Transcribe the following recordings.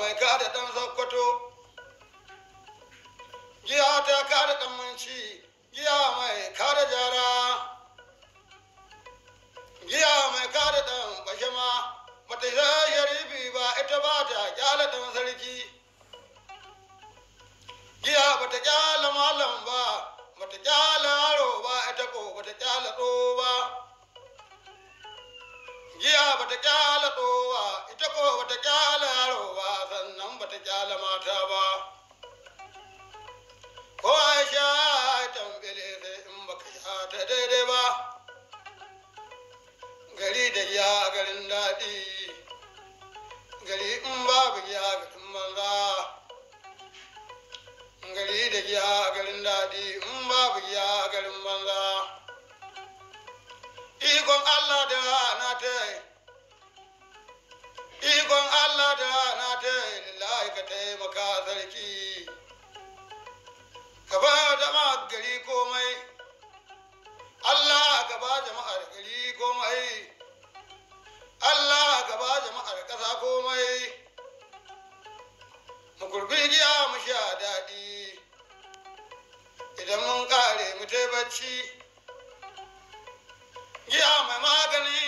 bai ka da ɗan sokoto giya ta ka da ɗan munci giya mai ka da jara giya mai ka da ɗan bashima bata sha sharifi ba ita ba ta kyala ɗan sarki giya ta kyala malam ba bata kyala yaro ba ita ko ta kyala ɗo ba giya bata kyala ɗowa ita ko bata kyala yaro ba ta kyala mata ba ko a sha tambile sai in baka sha ta daidai ba gari da ya garin daɗi gari in babu ya garin banza gari da ya garin daɗi in babu ya garin banza ikon Allah ka taimaka sarki ka ba gari komai Allah ka ba jama'ar gari komai Allah ka ba jama'ar ƙasa komai mu kurbi giya mu sha daɗi idan mun ƙare mu tai bacci giya mai magani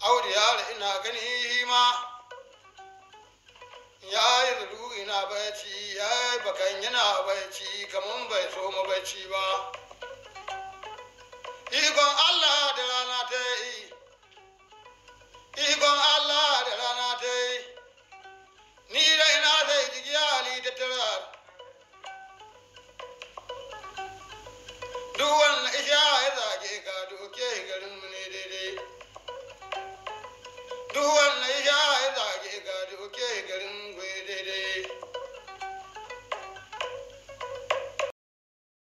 audu yaro ina gani ma ya yi zulu ina bayaci ya yi bakan yana bayaci kamun bai so mu bayaci ba ikon allah da rana ta yi ikon allah da rana ta yi ni da ina zai jigi hali da tara duk